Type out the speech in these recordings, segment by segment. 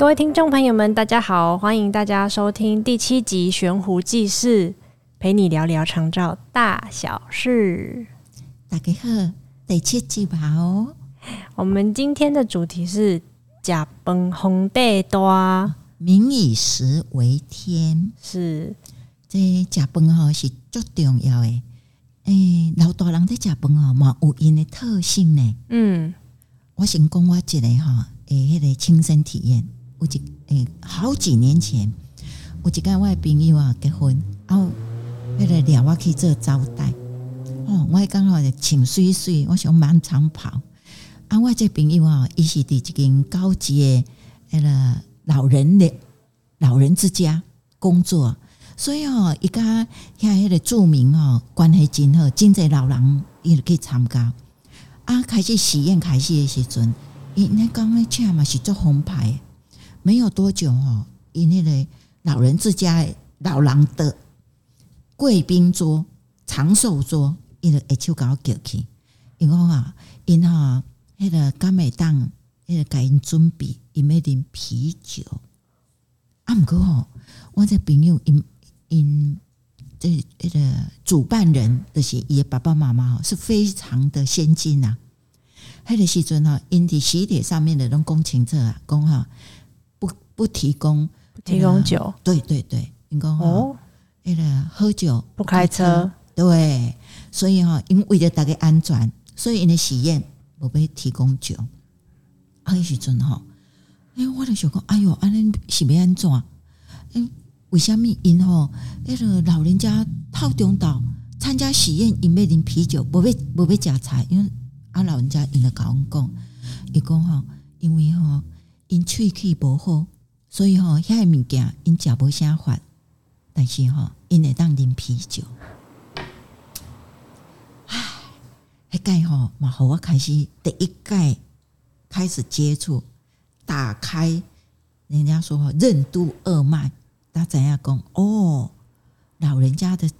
各位聽眾朋友們，大家好，歡迎大家收聽第七集《懸壺濟世》，陪你聊聊長照大小事。大家好，第七集吧哦。我們今天的主題是“吃飯皇帝大，民以食為天”是。這是這吃飯哈是最重要的。誒，老大人在吃飯哈嘛，有因的特性呢。嗯，我想講我這裡哈，誒，迄個親身體驗。有一誒，好幾年前，有一個我誒朋友啊結婚，啊迄個掠我去做招待哦。我迄工吼穿水水，我想滿場跑啊。我這朋友啊，伊是佇一間高級誒了老人咧老人之家工作，所以吼伊家遐迄個著名吼關係真好，真濟老人伊著去參加啊。開始喜宴開始誒時陣，伊恁講誒遮嘛是做紅牌。沒有多久吼，哦、因那個老人之家的老人的貴賓桌長壽桌，因個一丘我叫去，因講啊，因哈那個干美當，那個給因準備，因買點啤酒。啊毋過吼，我這朋友因因這個主辦人，就是伊的爸爸媽媽哈，是非常的先進吶，啊。黑個時陣吼因的喜帖上面的攏講清楚啊，講吼，哦。不提供，不提供酒，對對對，你供哦，那個喝酒不，不開車，對，所以哈，因為為了大家安全，所以人的喜宴不被提供酒。阿一時陣哈，哎，我就想說，哎呦，阿恁喜沒安怎，嗯，為什麼因吼那個老人家套中島參加喜宴，因要啉啤酒，不被不被夾菜，因為阿老人家因着甲阮講伊講吼，因為吼因喙齒不好。所以吼、哦，一個物件因嚼不下飯，但是吼、哦，因會當飲啤酒。唉，一蓋吼，嘛互我開始第一蓋開始接觸，打開人家說、哦、任督二脈，他怎樣講？哦，老人家的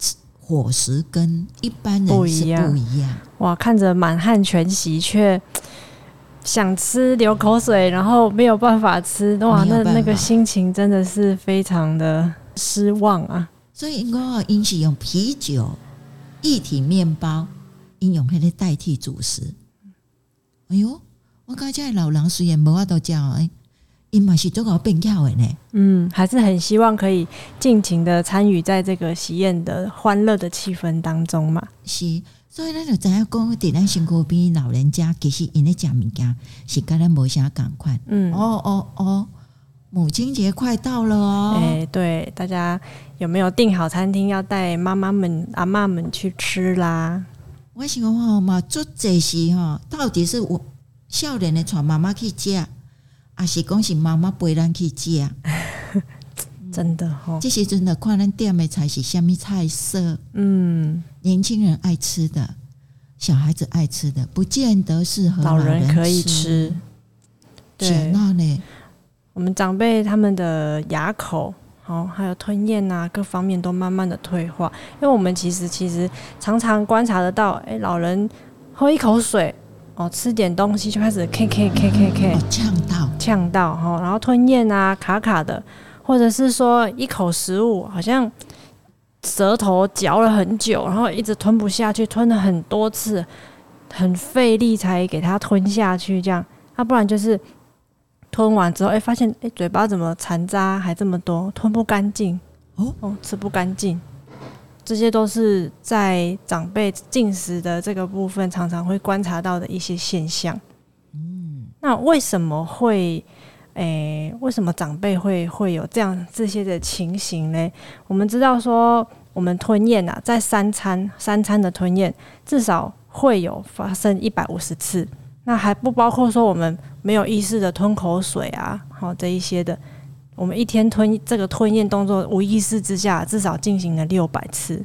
伙食跟一般人是不一不一樣。哇，看着滿漢全席卻。想吃流口水，然後沒有辦法吃，哇，那那個心情真的是非常的失望啊！所以應該要用啤酒、液體麵包、飲用它來代替主食。哎呦，我剛才老人雖然沒話多講，哎，因為是這個病調的呢。嗯，還是很希望可以盡情的參與在這個喜宴的歡樂的氣氛當中嘛。是。所以咱就知影講，佇咱身軀邊，老人家其實因為食物件，是跟咱無啥共款。嗯，哦哦哦，母親節快到了哦。誒、欸，對，大家有沒有訂好餐廳，要帶媽媽們、阿嬤們去吃啦？我想說，媽做這些到底是有少年的帶媽媽去食，還是講，是媽媽陪咱去食？真的哈、哦，這些真的，快欄店沒採取蝦米菜色，嗯，年輕人愛吃的，小孩子愛吃的，不見得適合老人，老人可以吃。對，那呢，我們長輩他們的牙口，哦，還有吞嚥吶、啊，各方面都慢慢的退化。因為我們其實其實常常觀察得到，誒，老人喝一口水，哦，吃點東西就開始 kkkkk 嗆到，嗆到、哦、然後吞嚥啊，卡卡的。或者是說一口食物，好像舌頭嚼了很久，然後一直吞不下去，吞了很多次，很費力才給它吞下去。這樣，要不然就是吞完之後，哎，發現哎，嘴巴怎麼殘渣還這麼多，吞不乾淨哦，哦，吃不乾淨，這些都是在長輩進食的這個部分常常會觀察到的一些現象。嗯，那為什麼會？誒、欸，為什麼長輩會會有這樣這些的情形呢？我們知道說，我們吞咽啊，在三餐三餐的吞咽至少會有發生一百五十次，那還不包括說我們沒有意識的吞口水啊，好、哦、這一些的，我們一天吞這個吞咽動作無意識之下至少進行了六百次，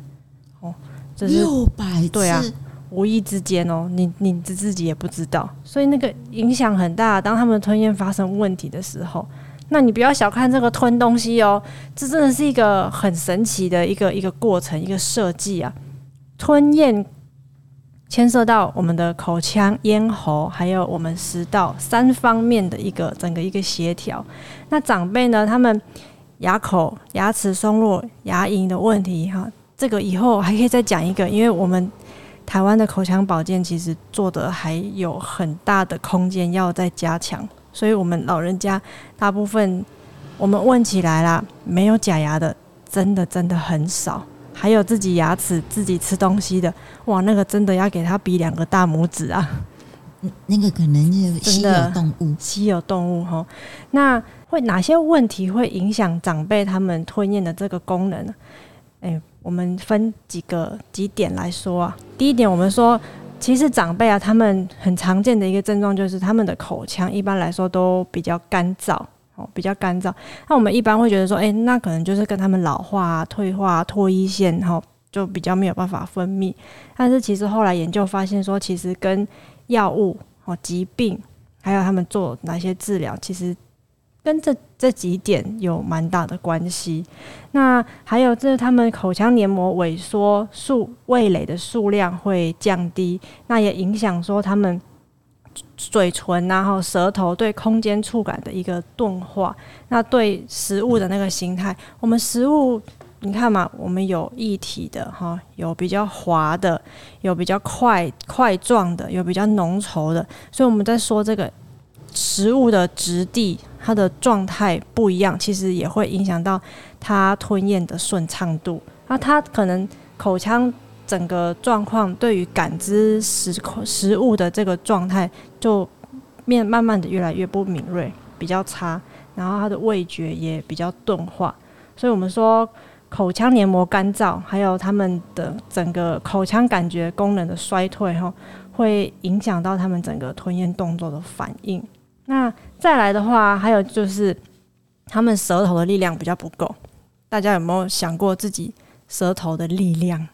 哦，這是六百對啊。無意之間哦，你你自自己也不知道，所以那個影響很大。當他們吞嚥發生問題的時候，那你不要小看這個吞東西哦，這真的是一個很神奇的一個一個過程，一個設計啊。吞嚥牽涉到我們的口腔、咽喉，還有我們食道三方面的一個整個一個協調。那長輩呢，他們牙口、牙齒鬆落、牙齦的問題哈，這個以後還可以再講一個，因為我們。台灣的口腔保健其實做的還有很大的空間，要再加強。所以，我們老人家大部分我們問起來啦，沒有假牙的，真的真的很少。還有自己牙齒自己吃東西的，哇，那個真的要給他比兩個大拇指啊！嗯，那個可能是稀有動物，稀有動物吼。那會哪些問題會影響長輩他們吞咽的這個功能呢？誒。我們分幾個幾點來說啊。第一點，我們說，其實長輩啊，他們很常見的一個症狀就是他們的口腔一般來說都比較乾燥，哦，比較乾燥。那我們一般會覺得說，哎，那可能就是跟他們老化、啊、退化、啊、唾液腺，然、哦、就比較沒有辦法分泌。但是其實後來研究發現說，其實跟藥物、哦疾病，還有他們做哪些治療，其實。跟這這幾點有蠻大的關係，那還有就是他們口腔黏膜萎縮數味蕾的數量會降低，那也影響說他們嘴唇然後、啊舌頭對空間觸感的一個鈍化，那對食物的那個形態，我們食物你看嘛，我們有液體的哈，有比較滑的，有比較塊塊狀的，有比較濃稠的，所以我們在說這個食物的質地。他的狀態不一樣，其實也會影響到他吞嚥的順暢度。那他可能口腔整個狀況，對於感知食口食物的這個狀態，就面慢慢的越來越不敏銳，比較差。然後他的味覺也比較鈍化，所以我們說口腔黏膜乾燥，還有他們的整個口腔感覺功能的衰退，吼，會影響到他們整個吞嚥動作的反應。那再來的話，還有就是他們舌頭的力量比較不夠。大家有沒有想過自己舌頭的力量？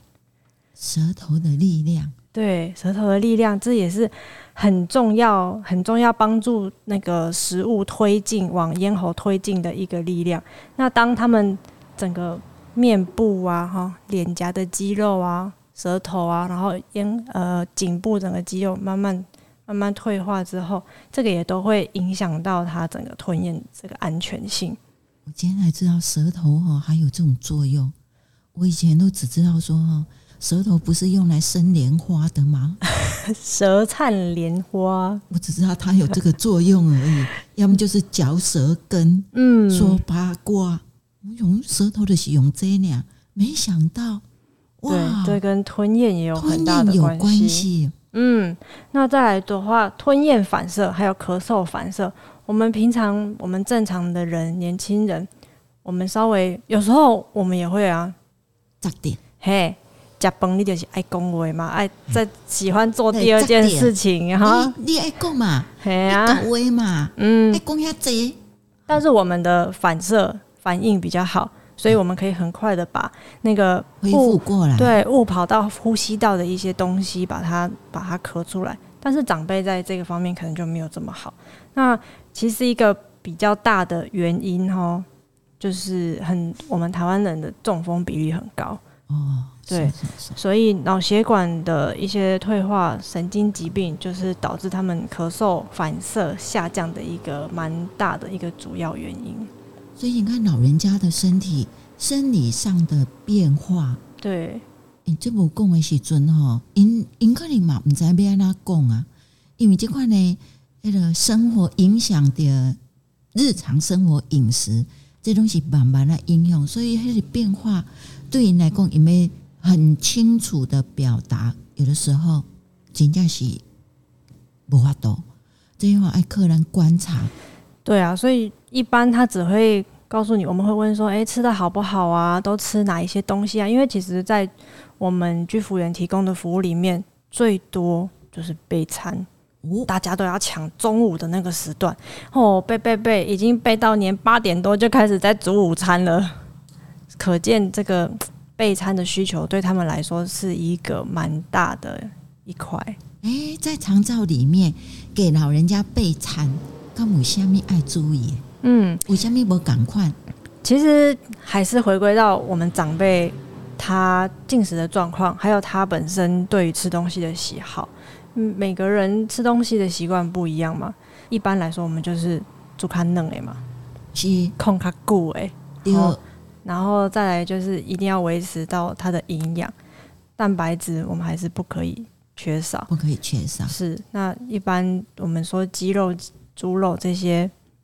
舌頭的力量，對，舌頭的力量，這也是很重要、很重要，幫助那個食物推進往咽喉推進的一個力量。那當他們整個面部啊、哈臉頰的肌肉啊、舌頭啊，然後咽呃頸部整個肌肉慢慢。慢慢退化之後，這個也都會影響到它整個吞嚥這個安全性。我今天才知道舌頭哈還有這種作用，我以前都只知道說哈舌頭不是用來生蓮花的嗎？舌燦 蓮花，我只知道它有這個作用而已， 要麼就是嚼舌根，嗯， 說八卦，我用舌頭的使用這兩，沒想到，對，哇這跟吞嚥也有很大的關係。嗯，那再來的話，吞嚥反射還有咳嗽反射，我們平常我們正常的人，年輕人，我們稍微有時候我們也會啊，咋地點？嘿，吃飯你就是愛講話嘛，愛在喜歡做第二件事情，然後、欸、吼你愛講嘛，嘿啊，講話嘛，嗯，愛講下嘴，但是我們的反射反應比較好。所以我們可以很快的把那個誤過來，對，誤跑到呼吸道的一些東西，把它把它咳出來。但是長輩在這個方面可能就沒有這麼好。那其實一個比較大的原因哦，就是很我們台灣人的中風比例很高哦，對，所以腦血管的一些退化、神經疾病，就是導致他們咳嗽反射下降的一個蠻大的一個主要原因。所以你看老人家的身體生理上的變化，對，你、欸、這麼講的時候呢，可能嘛不知道、恁恁可能嘛不知道要怎麼講啊？因為這塊呢，那個生活影響的日常生活飲食，這東西慢慢那影響，所以它的變化對人來講也沒很清楚的表達。有的時候真的是無法度，這要愛靠阮觀察。對啊，所以一般他只會。告訴你，我們會問說，誒，吃的好不好啊？都吃哪一些東西啊？因為其實，在我們居服員提供的服務裡面，最多就是備餐，大家都要搶中午的那個時段。哦，備備備，已經備到年八點多就開始在煮午餐了，可見這個備餐的需求對他們來說是一個蠻大的一塊。誒，在長照裡面給老人家備餐，敢有蝦米愛注意？嗯，為什麼趕快？其實還是回歸到我們長輩他進食的狀況，還有他本身對於吃東西的喜好。嗯，每個人吃東西的習慣不一樣嘛。一般來說，我們就是煮看嫩的嘛，吃控卡久哎。然後，然後，再來就是一定要維持到他的營養，蛋白質我們還是不可以缺少，不可以缺少。是，那一般我們說雞肉、豬肉這些。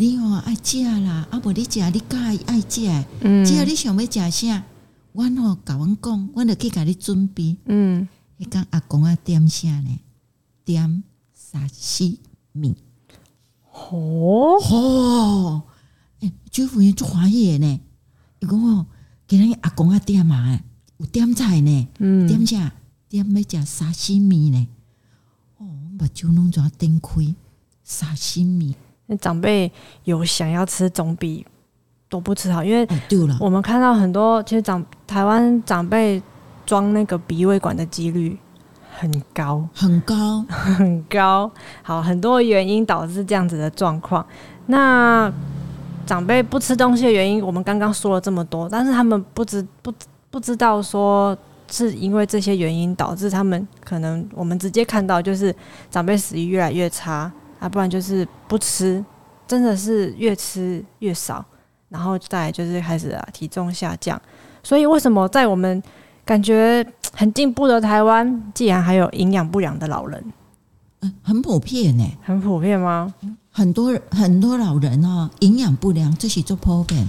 你哦愛食啦，啊，無你食，你佮意愛食，嗯、只要你想要食啥，阮哦甲阮講，阮著去甲你準備。嗯，迄工阿公啊點啥呢？點沙西米。吼，哦，哎、哦，朱夫人足歡喜呢，伊講吼，今仔日阿公啊點嘛哎，有點菜呢，嗯、點啥？點要食沙西米呢？哦，目睭攏轉點開，沙西米。長輩有想要吃種鼻，總比都不吃好，因為我們看到很多其實長台灣長輩裝那個鼻胃管的幾率很高，很高， 很高。好，很多原因導致這樣子的狀況。那長輩不吃東西的原因，我們剛剛說了這麼多，但是他們不知不不知道說是因為這些原因導致他們可能我們直接看到就是長輩食欲越來越差。啊，不然就是不吃，真的是越吃越少，然後再就是開始、啊、體重下降。所以為什麼在我們感覺很進步的台灣，竟然還有營養不良的老人？嗯、欸，很普遍呢、欸，很普遍嗎？很多很多老人哦，營養不良，這是很普遍。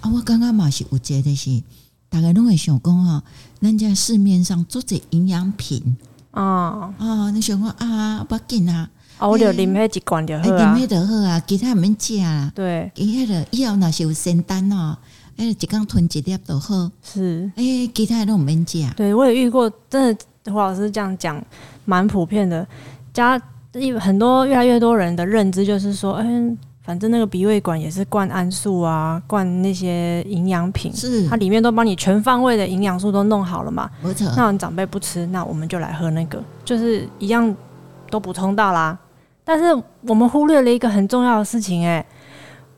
啊，我剛剛嘛是誤解的是，大家都會想講啊、哦，人家市面上做着營養品啊啊、哦哦，你想說啊，不給啊。奧，裡面幾管掉是吧？哎，裡面都喝啊，其他沒加啊。對，伊那了，伊要那些有仙丹哦，哎，幾剛吞幾滴都喝。是、欸，其他都唔沒加。對，我也遇過，真的胡老師這樣講，蠻普遍的。家很多越來越多人的認知就是說，嗯、欸，反正那個鼻胃管也是灌安素啊，灌那些營養品，是它裡面都幫你全方位的營養素都弄好了嘛。沒錯。那長輩不吃，那我們就來喝那個，就是一樣都補充到啦。但是我們忽略了一個很重要的事情，哎，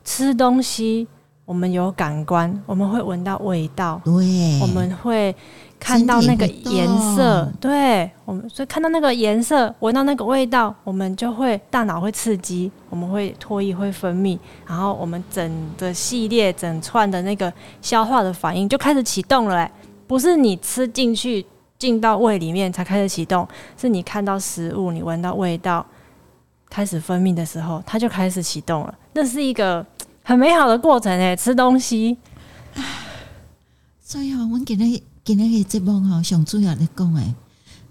吃東西我們有感官，我們會聞到味道，對耶，我們會看到那個顏色，對，我們所以看到那個顏色，聞到那個味道，我們就會大腦會刺激，我們會唾液會分泌，然後我們整個系列整串的那個消化的反應就開始啟動了，哎，不是你吃進去進到胃裡面才開始啟動，是你看到食物，你聞到味道。開始分泌的時候，它就開始啟動了。那是一個很美好的過程誒、欸，吃東西。唉，所以我們給那給那些節目哈，想主要來的講哎，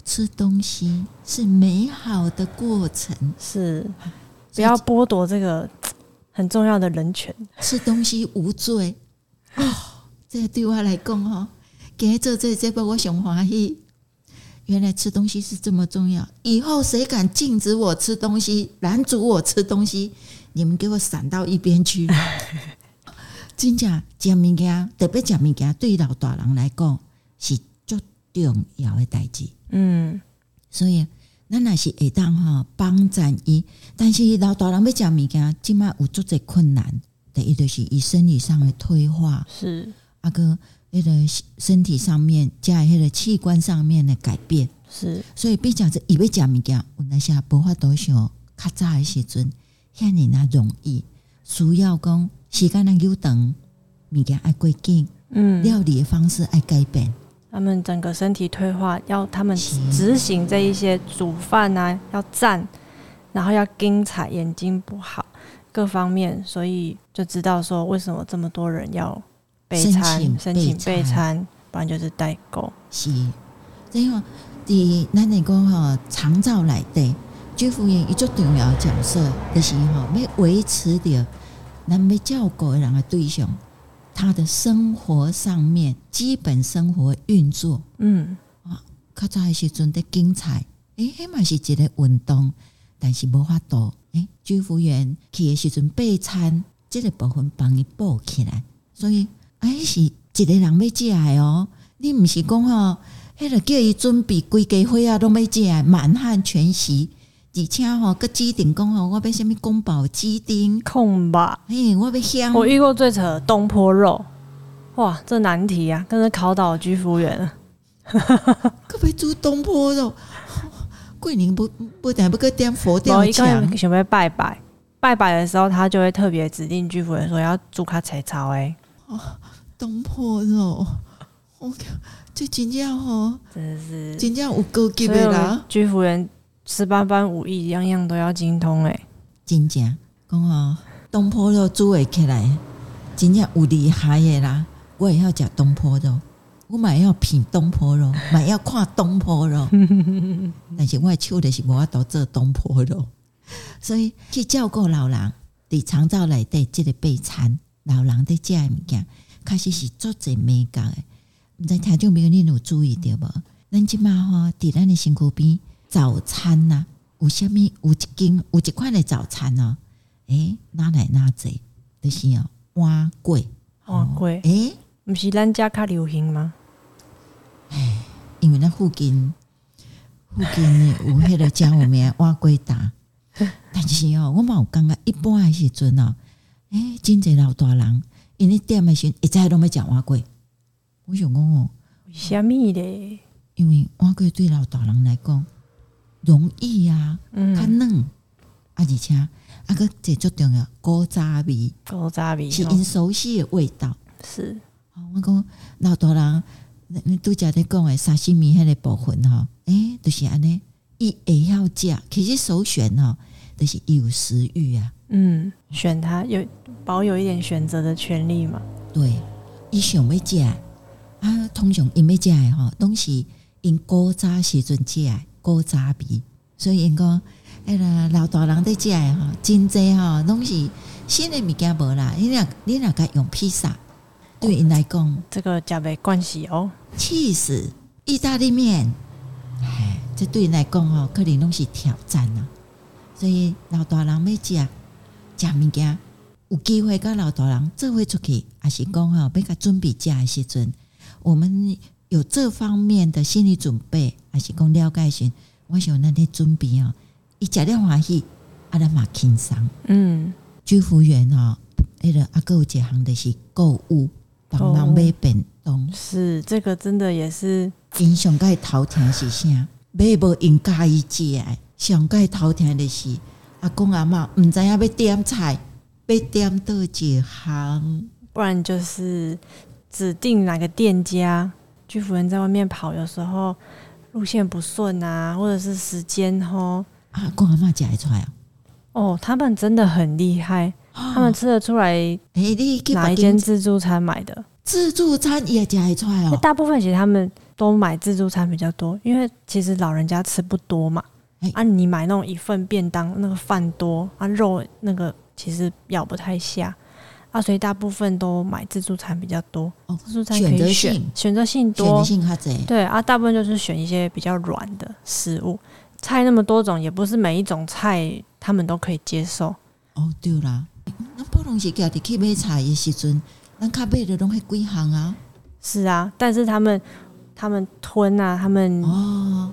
吃東西是美好的過程，是不要剝奪這個很重要的人權。吃東西無罪哦，這個、對我來講哈，給這這這波我想歡喜。原來吃東西是這麼重要。以後誰敢禁止我吃東西，攔阻我吃東西，你們給我閃到一邊去！ 真正食物件，特別食物件，對老大人來講是最重要的代志。嗯，所以咱也是會當哈幫贊伊，但是老大人要食物件，即嘛有足儕困難，第一就是伊生理上的退化是。阿哥，那個身體上面加一些的器官上面的改變，是，所以比較著以為講物件，我那多少，較早的時陣像你那容易，需要時間，等愛嗯，料理的方式愛改變，他們整個身體退化，要他們執行這一些煮飯啊，是要站，然後要眼睛不好，各方面，所以就知道說為什麼這麼多人要。申請，申請備餐，不然就是代購。是，因為你那咱來講吼，長照內底居服員伊最重要的角色，就是吼，要維持着咱沒照顧那個對象，他的生活上面基本生活的運作，嗯啊，較早的時陣得精彩，哎、欸，那嘛是一個運動，但是無法度誒，居服員去的時陣備餐，這個部分幫你補起來，所以。哎，啊、是一個人要進來哦。你唔是講哦，迄個叫伊準備規家伙啊，都要進來滿漢全席。而且吼閣指定講哦，我要蝦米宮保雞丁控吧？哎、欸，我要香。我遇過最扯東坡肉，哇，這難題啊！跟着考倒居服員，可 要煮東坡肉。桂、哦、林不不點不個點佛殿，我一過來準備拜拜拜拜的時候，他就會特別指定居服員說要煮較菜草哎。哦。東坡肉，我這真正吼，真的是真正，有夠高級啦。居服員十八般武藝，樣樣都要精通哎。真正，講哦，東坡肉煮會起來，真正有厲害的啦！我也要吃東坡肉，我嘛要品東坡肉，嘛要看東坡肉。 但是，我誒手就是無法度做東坡肉，所以去照顧老人佇長照內底，即個備餐，老人佇食誒物件。確實是作賊沒改，你在聽眾朋友恁有注意到無？恁即滿哈，佇咱的身軀邊，早餐吶、啊，有啥物？有一斤，有一塊的早餐呢、喔？誒、欸，拿來拿走，但、就是哦、喔，碗粿、碗粿。誒、喔，毋、欸、是咱遮較流行嗎？哎，因為咱附近附近那護工，護工有迄個遮有名的碗粿店。但是哦、喔，我嘛有感覺，一般還時陣哦。誒、欸，真濟老大人。你那店的時陣，一再都沒食碗粿。我想講哦，為什麼呢？因為碗粿對老大人來講容易啊，較嫩、嗯啊，而且閣一個最重要的古早味，古早味是因熟悉的味道。是，我講老大人，你拄才在講的，沙西米迄個部分吼，誒、欸，都、就是安尼，伊會曉食。其實首選吼，就是伊有食欲啊。嗯，選他有保有一點選擇的權利嘛。對，伊想欲食啊，通常伊欲食的吼，攏是因古早時陣食，古早味。所以因講那個老大人食的吼，真濟吼，攏是新的物件無啦，你若你若甲用披薩、啊，對因來講這個食袂慣勢哦 cheese 意大利麵，哎，這對因來講吼，可能攏是挑戰吶，所以老大人欲食。食物件，有機會跟老大人做伙出去，阿是講哈，別個準備食的時陣，我們有這方面的心理準備，阿是講了解下，我想那天準備哦，伊食了歡喜，壓力嘛輕鬆。嗯，居服員哈，那個閣有一項就是購物幫忙買便當，哦、是這個真的也是英雄佮伊頭疼是啥，買無伊家己食的，想佮伊頭疼就是。阿公阿媽不知道要要點菜，要點到幾行，不然就是指定哪個店家。居服人在外面跑，有時候路線不順啊，或者是時間哦。啊，阿公阿媽講得出來哦？他們真的很厲害，他們吃得出來。哪一間自助餐買的？自助餐也講得出來哦。大部分其實他們都買自助餐比較多，因為其實老人家吃不多嘛。啊，你買那種一份便當，那個飯多啊，肉那個其實咬不太下啊，所以大部分都買自助餐比較多。哦，自助餐可以選，選擇性,選擇性多。選擇性多對啊，大部分就是選一些比較軟的食物。菜那麼多種，也不是每一種菜他們都可以接受。哦，對啦，那不同時叫的咖啡菜也是準，那咖啡的東西貴行啊？是啊，但是他們他們吞啊，他們哦。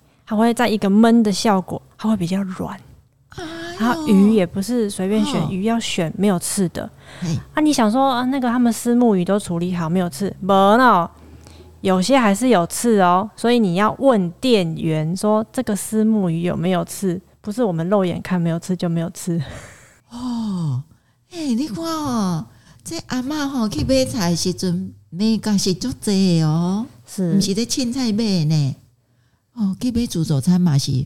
它會在一個悶的效果，它會比較軟。它、哎、呦魚也不是隨便選，哦、魚要選沒有刺的。哎、啊，你想說啊，那個他們虱目魚都處理好沒有刺？沒呢，有些還是有刺哦。所以你要問店員說這個虱目魚有沒有刺？不是我們肉眼看沒有刺就沒有刺哦。哎，你看哦，這阿嬤吼、哦、去買菜時陣，備缸是做這哦，是，毋是得青菜咩呢？哦，去買自助餐嘛是，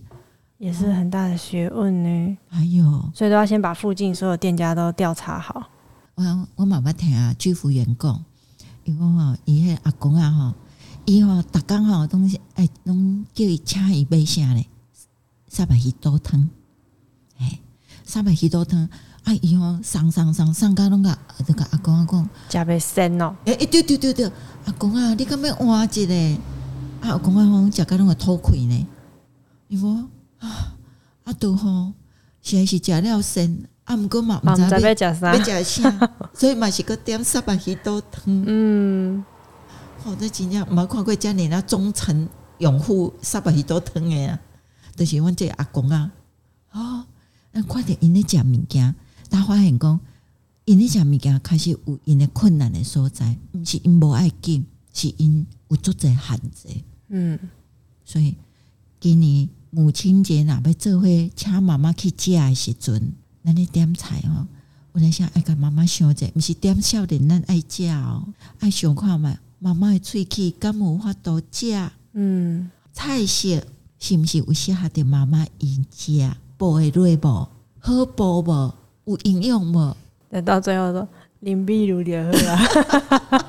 也是很大的學問呢。還有、哎呦，所以都要先把附近所有店家都調查好。我我媽媽聽啊，居服員說，伊講吼，伊迄阿公啊吼，伊吼逐工吼攏是，哎，攏叫伊請伊買啥嘞。三文魚肚湯，哎，三文魚肚湯。啊，伊吼送送送送到攏，甲那個阿公、啊他他欸啊、阿公、啊，食袂要先咯？哎，對對對對阿公啊，你敢要換一個。阿講阿公，食甲攏會吐氣呢？伊說啊啊拄好，先是食了生，啊。毋過嘛，毋知欲食啥，所以嘛是閣點三百魚肚湯。嗯、喔，好，真正毋捌看過遮爾那忠誠擁護三百魚肚湯啊。就是阮這個阿公啊，哦、喔，咱看着因咧食物件，才發現講因咧食物件，開始有因困難的所在，毋是因無愛緊，是因有足濟限制。嗯，所以今年母親節若欲做伙請媽媽去食的時陣，咱咧點菜吼，我在想，媽媽想，愛甲媽媽想一下，毋是點少年、喔，咱愛食愛想看覓？媽媽的喙齒敢有法度食？嗯，菜色是毋是有適合著？媽媽因食哺誒蘿蔔、好哺無有營養無？等到最後說，啉美祿的喝哈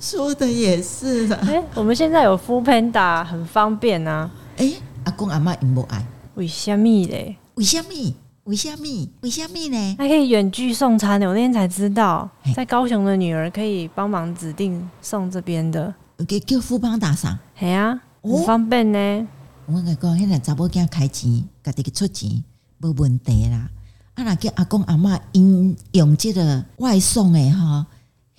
說的也是啊，哎、欸，我們現在有 Food Panda，很方便吶、啊。誒、欸，阿公阿媽有沒有愛，為什麼嘞？為什麼？為什麼？為什麼嘞？還可以遠距送餐呢、欸，我那天才知道，欸、在高雄的女兒可以幫忙指定送這邊的，給叫 Food Panda 送，係啊，好方便呢、欸哦。我講現在查某囝開錢，家己去出錢，沒問題啦。啊，那叫阿公阿媽用用這個外送的吼。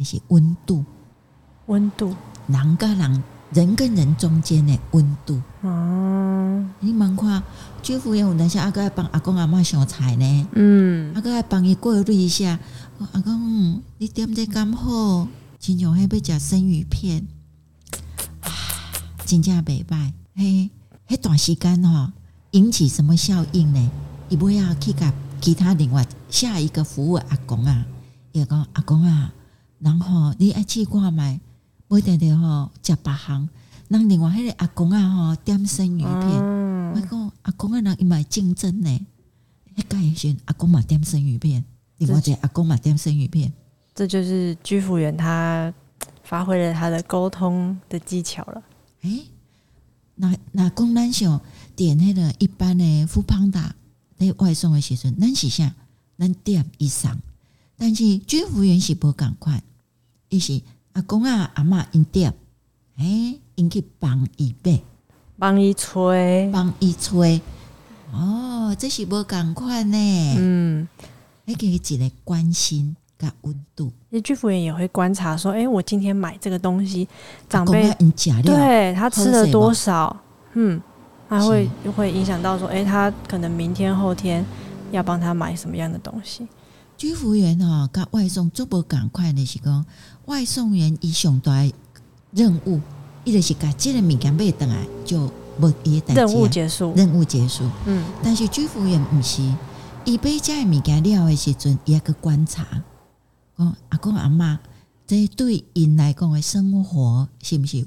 這是溫度，溫度，人跟人，人跟人中間的溫度啊！你們看，居服員有的時候也會幫阿公阿嬤上菜呢。嗯，也會幫伊過濾一下。阿公，你點的乾好，親像還要吃生魚片，啊，真正袂歹，嘿，那段時間哈，引起什麼效應呢？伊不要去給其他另外下一個服務阿公啊？要講阿公啊？然後你愛去掛買，買點點吼，食八行。那另外迄個阿公啊吼，點生魚片，我講、嗯、阿公啊，人伊嘛會競爭呢？迄個阿兄阿公嘛點生魚片，另外一個阿公嘛點生魚片，這就是居服員他發揮了他的溝通的技巧了。誒、欸，我那那講咱想點迄個一般呢，富胖達，那外送的時陣咱幾下咱點一上，但是居服員是無共款。一是阿公啊阿媽應點，誒、欸，應去幫伊買，幫伊吹，幫伊吹。哦、喔，這是要趕快呢。嗯，誒，給伊一個關心個溫度。那居服員也會觀察說，誒、欸，我今天買這個東西，長輩應假對，他吃了多少？嗯，還會是就會影響到說，誒、欸，他可能明天後天要幫他買什麼樣的東西。居服員哈，佮外送做不趕快的是講外送員伊上大的任務，伊就是佮即個物件買倒來啊，就無伊的任務結束，任務結束。嗯，但是居服員唔是，伊買遮的物件，了的時陣伊還去觀察。說阿公阿嬤，這個、對因來講的，生活是不是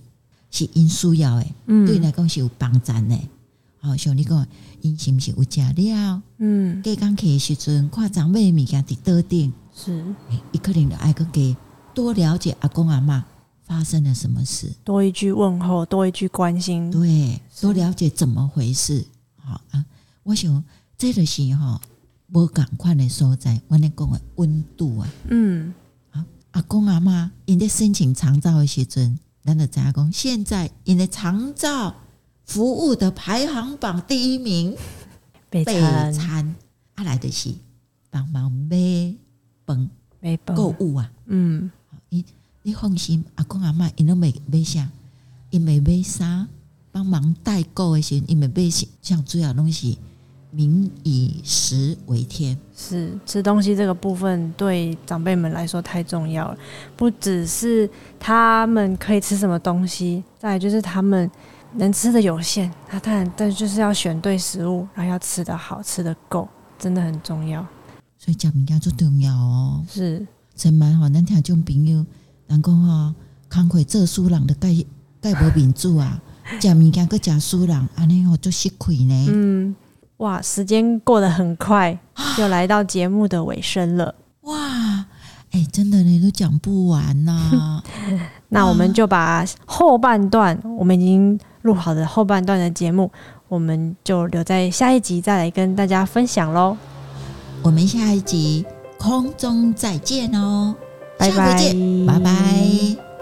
是因需要的，嗯，對因來講是有幫助的。好，像你講，因是不是有食了？嗯，過革開的時陣，看誇張的物件佇桌頂，是。伊、欸、可能著愛閣加多了解阿公阿嬤發生了什麼事，多一句問候，多一句關心，對，多了解怎麼回事？好啊是，我想這就是吼無共款的所在，我講的溫度啊，嗯，啊，阿公阿嬤因在申請長照的時陣，咱著知影講現在因在長照？服務的排行榜第一名，備餐阿、啊、來得西幫忙買本購飯物啊，嗯，你你放心，阿公阿媽因儂買買啥，因儂買啥幫忙代購的時候因儂買些像重要東西，民以食為天，是吃東西這個部分對長輩們來說太重要了，不只是他們可以吃什麼東西，再來就是他們。能吃的有限，他當然，但就是要選對食物，然後要吃得好，吃得夠，真的很重要。所以講物件都重要哦、喔。是，真蠻好。咱聽種朋友，人講哈、喔，康虧吃蘇朗的蓋蓋無民主啊，講物件個吃蘇朗，阿你我都吃虧呢。嗯，哇，時間過得很快，蛤又來到節目的尾聲了。哇，哎、欸，真的你都講不完吶、啊。 那我們就把後半段，哇我們已經。錄好的後半段的節目，我們就留在下一集再來跟大家分享嘍。我們下一集空中再見哦，拜拜 bye，拜拜。Bye bye